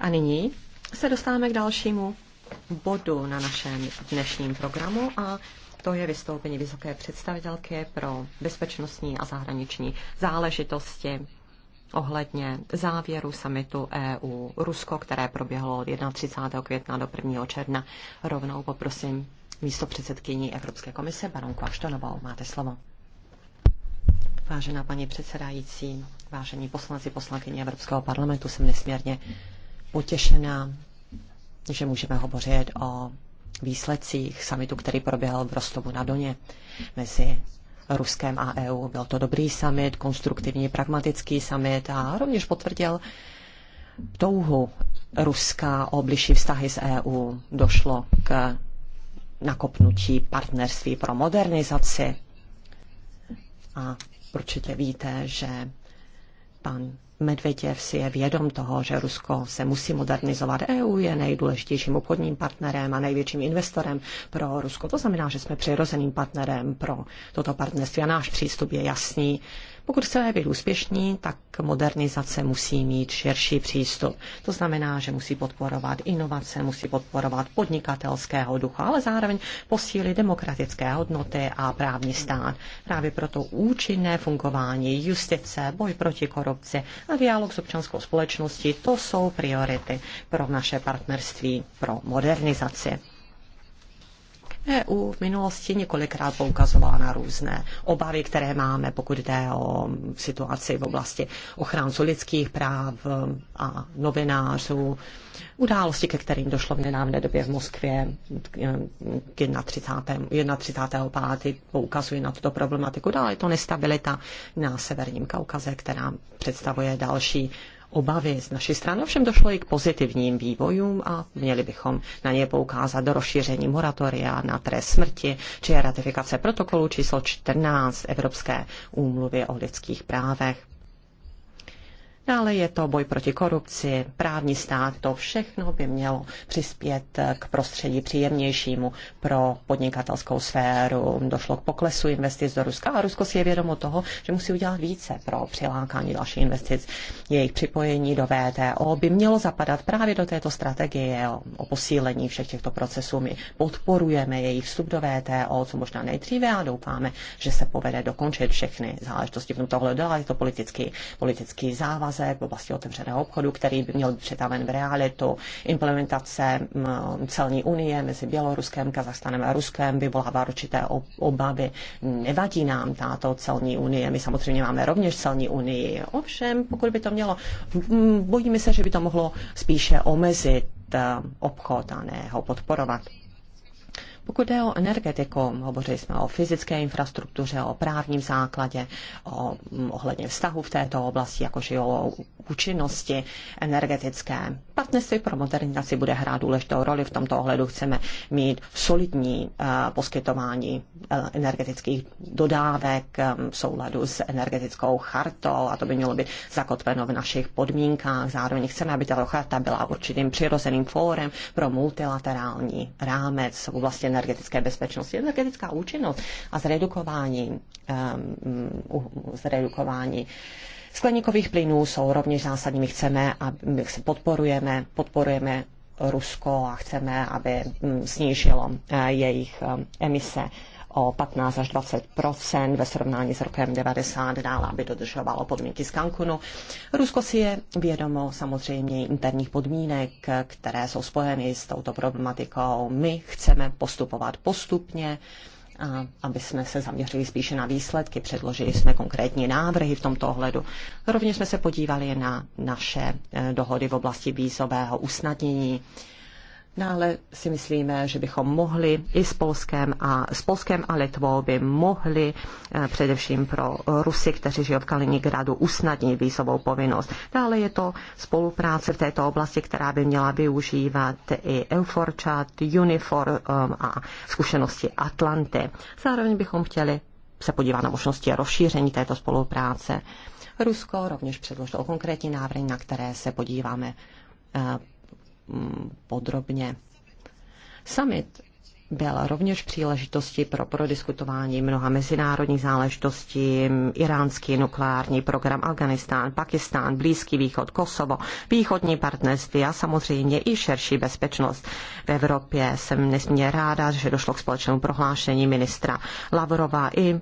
A nyní se dostáváme k dalšímu bodu na našem dnešním programu a to je vystoupení vysoké představitelky pro bezpečnostní a zahraniční záležitosti ohledně závěru samitu EU Rusko, které proběhlo od 31. května do 1. června. Rovnou poprosím místo předsedkyní Evropské komise, baronku Aštonovou. Máte slovo. Vážená paní předsedající, vážení poslanci, poslankyně Evropského parlamentu, jsem nesmírně potěšená, že můžeme hovořit o výsledcích samitu, který proběhl v Rostovu na Doně mezi Ruskem a EU. Byl to dobrý summit, konstruktivní, pragmatický summit a rovněž potvrdil touhu Ruska o bližší vztahy s EU. Došlo k nakopnutí partnerství pro modernizaci a určitě víte, že Pan Medvěděv si je vědom toho, že Rusko se musí modernizovat. EU je nejdůležitějším obchodním partnerem a největším investorem pro Rusko. To znamená, že jsme přirozeným partnerem pro toto partnerství a náš přístup je jasný. Pokud chceme být úspěšní, tak modernizace musí mít širší přístup. To znamená, že musí podporovat inovace, musí podporovat podnikatelského ducha, ale zároveň posílit demokratické hodnoty a právní stát. Právě proto účinné fungování justice, boj proti korupci a dialog s občanskou společností, to jsou priority pro naše partnerství pro modernizaci. EU v minulosti několikrát poukazovala na různé obavy, které máme, pokud jde o situaci v oblasti ochránců lidských práv a novinářů. Události, ke kterým došlo v nedávné době v Moskvě k 31. 31. pátý, poukazují na tuto problematiku. Dále je to nestabilita na Severním Kaukaze, která představuje další obavy z naší strany. Ovšem došlo i k pozitivním vývojům a měli bychom na ně poukázat do rozšíření moratoria na trest smrti či ratifikace protokolu číslo 14 Evropské úmluvy o lidských právech. Dále je to boj proti korupci, právní stát, to všechno by mělo přispět k prostředí příjemnějšímu pro podnikatelskou sféru. Došlo k poklesu investic do Ruska a Rusko si je vědomo toho, že musí udělat více pro přilákání dalších investic. Jejich připojení do VTO by mělo zapadat právě do této strategie o posílení všech těchto procesů. My podporujeme jejich vstup do VTO, co možná nejdříve a doufáme, že se povede dokončit všechny záležitosti v tomto ohledu, ale je to politický, politický závaz sázek, v oblasti otevřeného obchodu, který by měl být přetaven v realitu, implementace celní unie mezi Běloruskem, Kazachstanem a Ruskem vyvolává určité obavy. Nevadí nám tato celní unie, my samozřejmě máme rovněž celní unii, ovšem pokud by to mělo, bojíme se, že by to mohlo spíše omezit eh, obchod a ne ho podporovat. Pokud jde o energetiku, hovořili jsme o fyzické infrastruktuře, o právním základě, o mm, ohledně vztahu v této oblasti, jakož i o účinnosti energetické. Partnerství pro modernizaci bude hrát důležitou roli. V tomto ohledu chceme mít solidní eh, poskytování eh, energetických dodávek eh, v souladu s energetickou chartou a to by mělo být zakotveno v našich podmínkách. Zároveň chceme, aby tato charta byla určitým přirozeným fórem pro multilaterální rámec v oblasti energetické bezpečnosti. Energetická účinnost a zredukování, um, zredukování skleníkových plynů jsou rovněž zásadní. My chceme a my podporujeme, podporujeme Rusko a chceme, aby hm, snížilo eh, jejich ehm, emise o 15 až 20 ve srovnání s rokem 90 dále, aby dodržovalo podmínky z Cancunu. Rusko si je vědomo samozřejmě interních podmínek, které jsou spojeny s touto problematikou. My chceme postupovat postupně, a aby jsme se zaměřili spíše na výsledky. Předložili jsme konkrétní návrhy v tomto ohledu. Rovněž jsme se podívali na naše eh, dohody v oblasti výzového usnadnění. No, ale si myslíme, že bychom mohli i s Polskem a, s Polskem a Litvou by mohli eh, především pro Rusy, kteří žijí v Kaliningradu, usnadnit výzovou povinnost. Dále no, je to spolupráce v této oblasti, která by měla využívat i Euforchat, Unifor eh, a zkušenosti Atlanty. Zároveň bychom chtěli se podívat na možnosti rozšíření této spolupráce. Rusko rovněž předložilo konkrétní návrhy, na které se podíváme eh, Mm, podrobně. Summit byla rovněž příležitosti pro prodiskutování mnoha mezinárodních záležitostí, iránský nukleární program Afganistán, Pakistán, Blízký východ, Kosovo, východní partnerství a samozřejmě i širší bezpečnost. V Evropě jsem nesmírně ráda, že došlo k společnému prohlášení ministra Lavrova i e,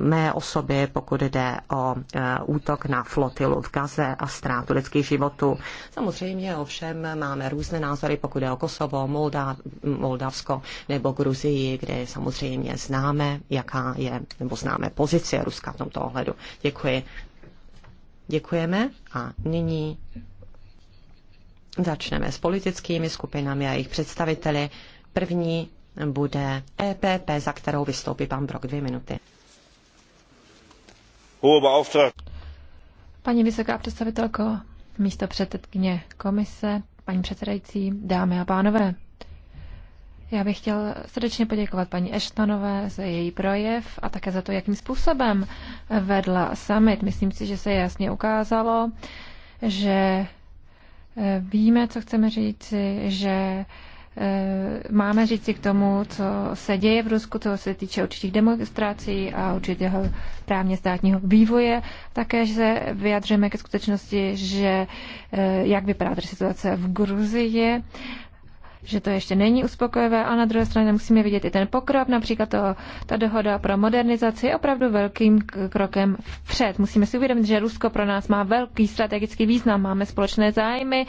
mé osoby, pokud jde o e, útok na flotilu v Gaze a ztrátu lidských životů. Samozřejmě ovšem máme různé názory, pokud jde o Kosovo, Moldav, Moldavsko, nebo Gruzii, kde samozřejmě známe, jaká je, nebo známe pozice Ruska v tomto ohledu. Děkuji. Děkujeme a nyní začneme s politickými skupinami a jejich představiteli. První bude EPP, za kterou vystoupí pan Brok dvě minuty. Paní vysoká představitelko, místo předsedkyně komise, paní předsedající, dámy a pánové. Já bych chtěl srdečně poděkovat paní Eštonové za její projev a také za to, jakým způsobem vedla summit. Myslím si, že se jasně ukázalo, že eh, víme, co chceme říci, že eh, máme říci k tomu, co se děje v Rusku, co se týče určitých demonstrací a určitého právně státního vývoje. Také, že se vyjadřujeme ke skutečnosti, že eh, jak vypadá situace v Gruzii že to ještě není uspokojivé, ale na druhé straně musíme vidět i ten pokrok, například to, ta dohoda pro modernizaci je opravdu velkým krokem vpřed. Musíme si uvědomit, že Rusko pro nás má velký strategický význam, máme společné zájmy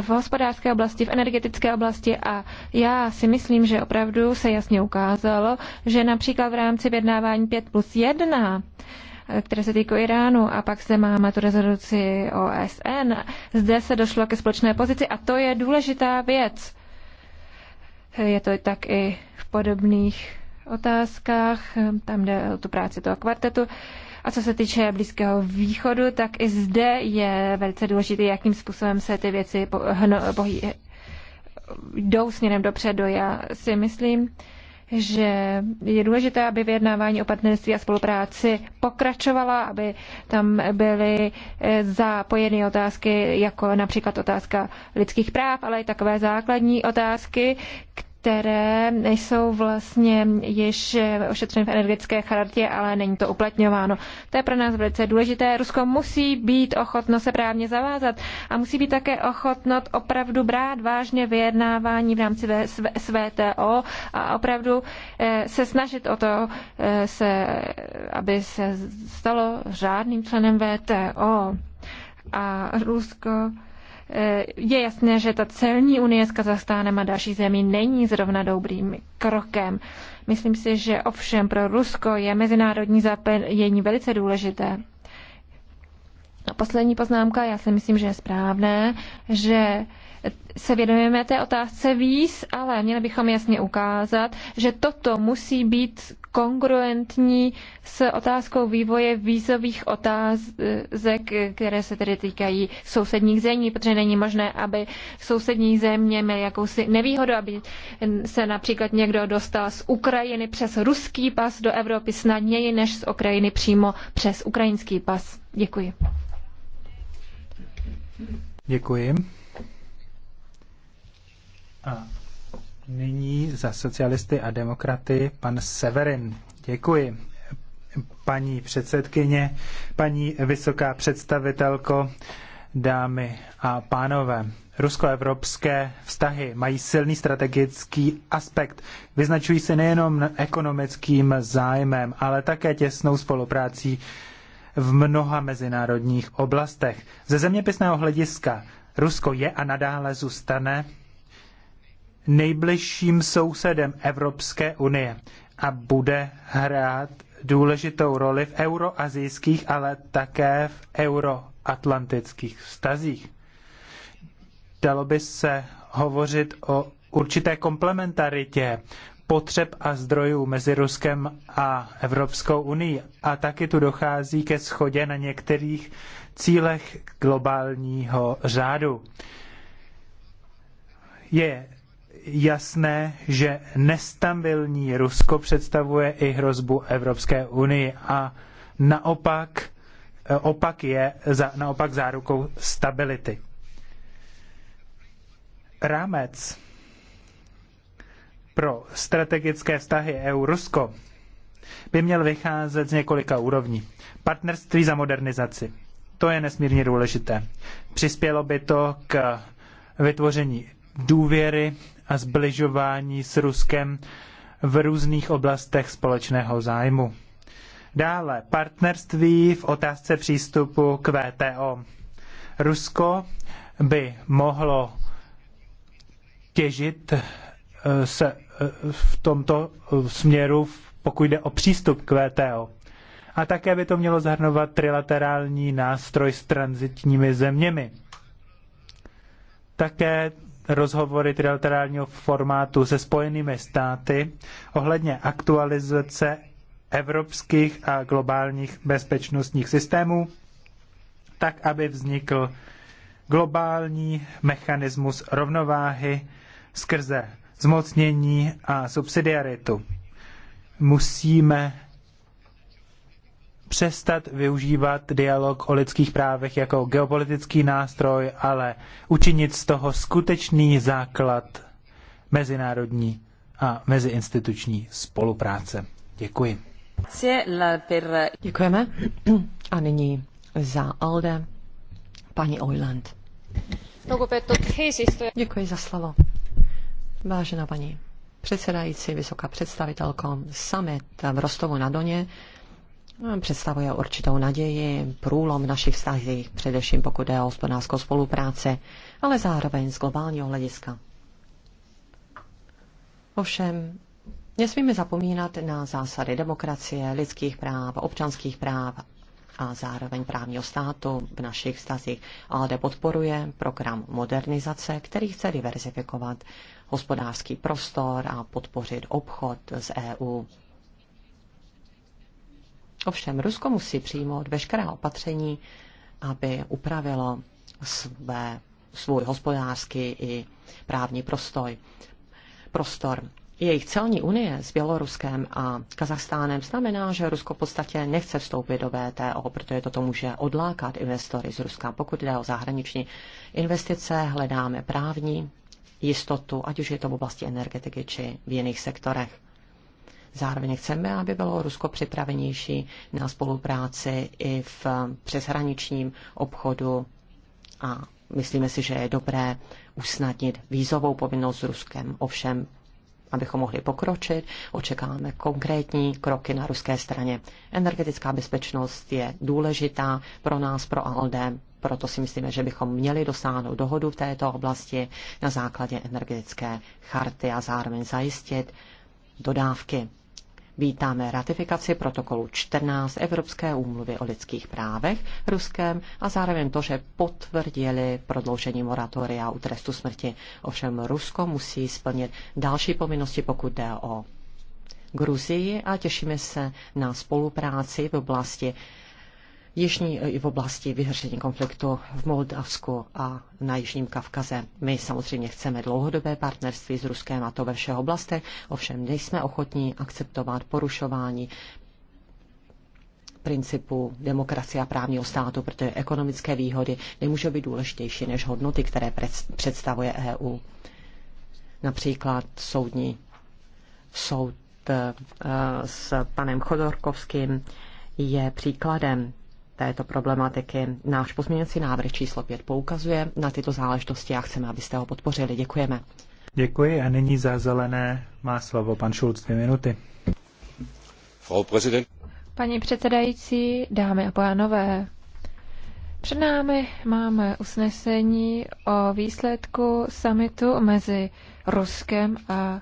v hospodářské oblasti, v energetické oblasti a já si myslím, že opravdu se jasně ukázalo, že například v rámci vyjednávání 5 plus 1 které se týkají Iránu a pak zde máme tu rezoluci OSN. Zde se došlo ke společné pozici a to je důležitá věc. Je to tak i v podobných otázkách, tam jde o tu práci toho kvartetu. A co se týče Blízkého východu, tak i zde je velice důležité, jakým způsobem se ty věci po, jdou směrem dopředu. Já si myslím, že je důležité, aby vyjednávání o partnerství a spolupráci pokračovala, aby tam byly eh, zapojeny otázky, jako například otázka lidských práv, ale i takové základní otázky, které které jsou vlastně již ošetřeny v energetické chartě, ale není to uplatňováno. To je pro nás velice důležité. Rusko musí být ochotno se právně zavázat a musí být také ochotno opravdu brát vážně vyjednávání v rámci SVTO a opravdu eh, se snažit o to, eh, se, aby se stalo řádným členem VTO. A Rusko Eh, je jasné, že ta celní unie s Kazachstánem a další zemí není zrovna dobrým krokem. Myslím si, že ovšem pro Rusko je mezinárodní zapojení velice důležité. A poslední poznámka, já si myslím, že je správné, že se věnujeme té otázce víz, ale měli bychom jasně ukázat, že toto musí být kongruentní s otázkou vývoje vízových otázek, které se tedy týkají sousedních zemí, protože není možné, aby sousední země měly jakousi nevýhodu, aby se například někdo dostal z Ukrajiny přes ruský pas do Evropy snadněji než z Ukrajiny přímo přes ukrajinský pas. Děkuji. Děkuji. A nyní za socialisty a demokraty pan Severin. Děkuji. Paní předsedkyně, paní vysoká představitelko, dámy a pánové. Rusko-evropské vztahy mají silný strategický aspekt. Vyznačují se nejenom ekonomickým zájmem, ale také těsnou spoluprácí v mnoha mezinárodních oblastech. Ze zeměpisného hlediska Rusko je a nadále zůstane nejbližším sousedem Evropské unie a bude hrát důležitou roli v euroazijských, ale také v euroatlantických vztazích. Dalo by se hovořit o určité komplementaritě potřeb a zdrojů mezi Ruskem a Evropskou unii a taky tu dochází ke schodě na některých cílech globálního řádu. Je jasné, že nestabilní Rusko představuje i hrozbu Evropské unii a naopak e, opak je za, naopak zárukou stability. Rámec pro strategické vztahy EU-Rusko by měl vycházet z několika úrovní. Partnerství za modernizaci. To je nesmírně důležité. Přispělo by to k vytvoření důvěry a zbližování s Ruskem v různých oblastech společného zájmu. Dále partnerství v otázce přístupu k VTO. Rusko by mohlo těžit eh, se eh, v tomto eh, směru, pokud jde o přístup k VTO. A také by to mělo zahrnovat trilaterální nástroj s tranzitními zeměmi. Také rozhovory trilaterálního formátu se spojenými státy ohledně aktualizace evropských a globálních bezpečnostních systémů, tak aby vznikl globální mechanismus rovnováhy skrze zmocnění a subsidiaritu. Musíme přestat využívat dialog o lidských právech jako geopolitický nástroj, ale učinit z toho skutečný základ mezinárodní a meziinstituční spolupráce. Děkuji. Děkujeme. A nyní za Alde paní Oiland. Děkuji za slovo. Vážená paní předsedající, vysoká představitelko, summit v Rostovu na Doně představuje určitou naději, průlom našich vztazích, především pokud jde o hospodářskou spolupráci, ale zároveň z globálního hlediska. Ovšem, nesmíme zapomínat na zásady demokracie, lidských práv, občanských práv a zároveň právního státu v našich vztazích. ALDE podporuje program modernizace, který chce diverzifikovat hospodářský prostor a podpořit obchod z EU. Ovšem Rusko musí přijmout veškerá opatření, aby upravilo své, svůj hospodářský i právní prostoj, prostor. Jejich celní unie s Běloruskem a Kazachstánem znamená, že Rusko v podstatě nechce vstoupit do VTO, protože toto může odlákat investory z Ruska. Pokud jde o zahraniční investice, hledáme právní jistotu, ať už je to v oblasti energetiky či v jiných sektorech. Zároveň chceme, aby bylo Rusko připravenější na spolupráci i v přeshraničním obchodu a myslíme si, že je dobré usnadnit výzovou povinnost s Ruskem. Ovšem, abychom mohli pokročit, očekáváme konkrétní kroky na ruské straně. Energetická bezpečnost je důležitá pro nás, pro ALDE, proto si myslíme, že bychom měli dosáhnout dohodu v této oblasti na základě energetické charty a zároveň zajistit dodávky Vítáme ratifikaci protokolu 14 Evropské úmluvy o lidských právech ruském a zároveň to, že potvrdili prodloužení moratoria u trestu smrti. Ovšem Rusko musí splnit další povinnosti, pokud jde o Gruzii a těšíme se na spolupráci v oblasti jižní, eh, i v oblasti vyřešení konfliktu v Moldavsku a na Jižním Kavkaze. My samozřejmě chceme dlouhodobé partnerství s Ruskem a to ve všech oblastech, ovšem nejsme ochotní akceptovat porušování principu demokracie a právního státu, protože ekonomické výhody nemůžou být důležitější než hodnoty, které představuje EU. Například soudní soud eh, s panem Chodorkovským je příkladem této problematiky. Náš pozměňovací návrh číslo 5 poukazuje na tyto záležitosti a chceme, abyste ho podpořili. Děkujeme. Děkuji a nyní za zelené má slovo pan Šulc dvě minuty. Frau prezident, Paní předsedající, dámy a pánové, před námi máme usnesení o výsledku samitu mezi Ruskem a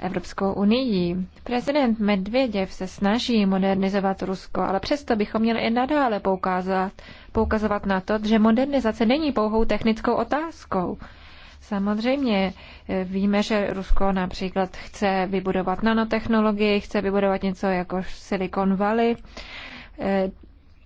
Evropskou unii. Prezident Medvěděv se snaží modernizovat Rusko, ale přesto bychom měli i nadále poukázat, poukazovat na to, že modernizace není pouhou technickou otázkou. Samozřejmě eh, víme, že Rusko například chce vybudovat nanotechnologii, chce vybudovat něco jako Silicon Valley. Eh,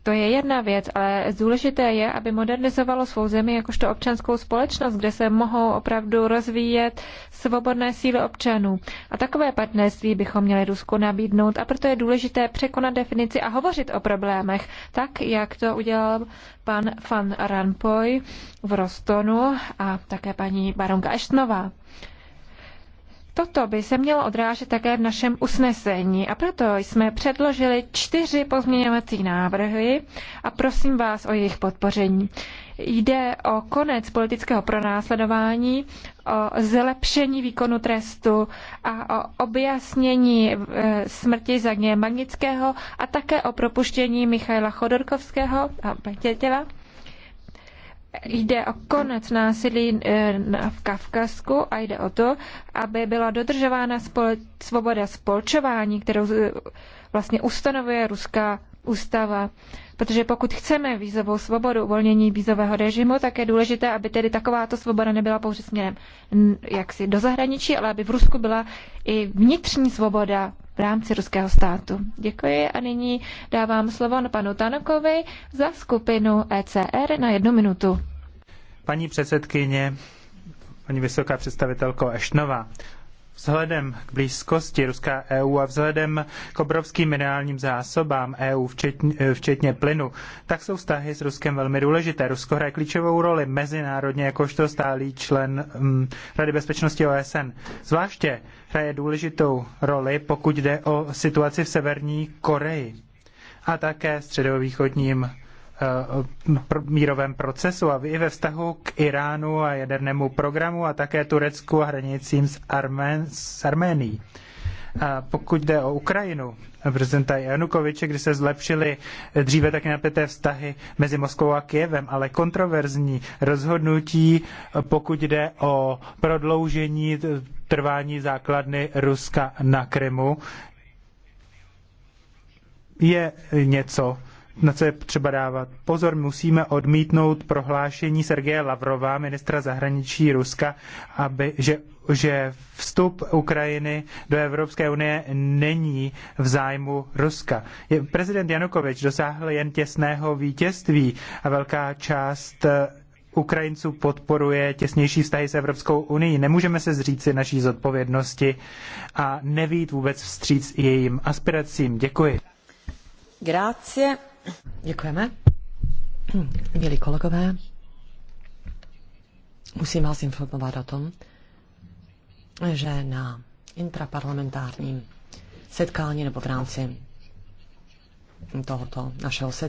to je jedna věc, ale důležité je, aby modernizovalo svou zemi jakožto občanskou společnost, kde se mohou opravdu rozvíjet svobodné síly občanů. A takové partnerství bychom měli Rusku nabídnout a proto je důležité překonat definici a hovořit o problémech, tak jak to udělal pan Van Ranpoj v Rostonu a také paní baronka Eštnová. Toto by se mělo odrážet také v našem usnesení a proto jsme předložili čtyři pozměňovací návrhy a prosím vás o jejich podpoření. Jde o konec politického pronásledování, o zlepšení výkonu trestu a o objasnění e, smrti Zagně Magnického a také o propuštění Michaila Chodorkovského a Petětěva Jde o konec násilí eh, v Kavkazsku a jde o to, aby byla dodržována spole- svoboda spolčování, kterou vlastně ustanovuje ruská ústava. Protože pokud chceme vízovou svobodu, uvolnění vízového režimu, tak je důležité, aby tedy takováto svoboda nebyla pouze směrem jaksi do zahraničí, ale aby v Rusku byla i vnitřní svoboda v rámci ruského státu. Děkuji a nyní dávám slovo panu Tanokovi za skupinu ECR na jednu minutu. Paní předsedkyně, paní vysoká představitelko Ešnova, Vzhledem k blízkosti Ruska EU a vzhledem k obrovským minerálním zásobám EU, včetně, eh, včetně plynu, tak jsou vztahy s Ruskem velmi důležité. Rusko hraje klíčovou roli mezinárodně jakožto stálý člen mm, Rady bezpečnosti OSN. Zvláště hraje důležitou roli, pokud jde o situaci v Severní Koreji a také středovýchodním Eh, mírovém procesu a i ve vztahu k Iránu a jadernému programu a také Turecku a hranicím s, Armen, s Arménií. A pokud jde o Ukrajinu, prezidenta Janukoviče, kdy se zlepšily dříve tak napěté vztahy mezi Moskvou a Kyjevem, ale kontroverzní rozhodnutí, pokud jde o prodloužení trvání základny Ruska na Krymu, je něco, na co je třeba dávat pozor, musíme odmítnout prohlášení Sergeje Lavrova, ministra zahraničí Ruska, aby, že, že vstup Ukrajiny do Evropské unie není v zájmu Ruska. Prezident Janukovič dosáhl jen těsného vítězství a velká část eh, Ukrajinců podporuje těsnější vztahy s Evropskou unii. Nemůžeme se zříci naší zodpovědnosti a nevít vůbec vstříc jejím aspiracím. Děkuji. Grazie. Děkujeme. Milí kolegové, musím vás informovat o tom, že na intraparlamentárním setkání nebo v rámci tohoto našeho setkání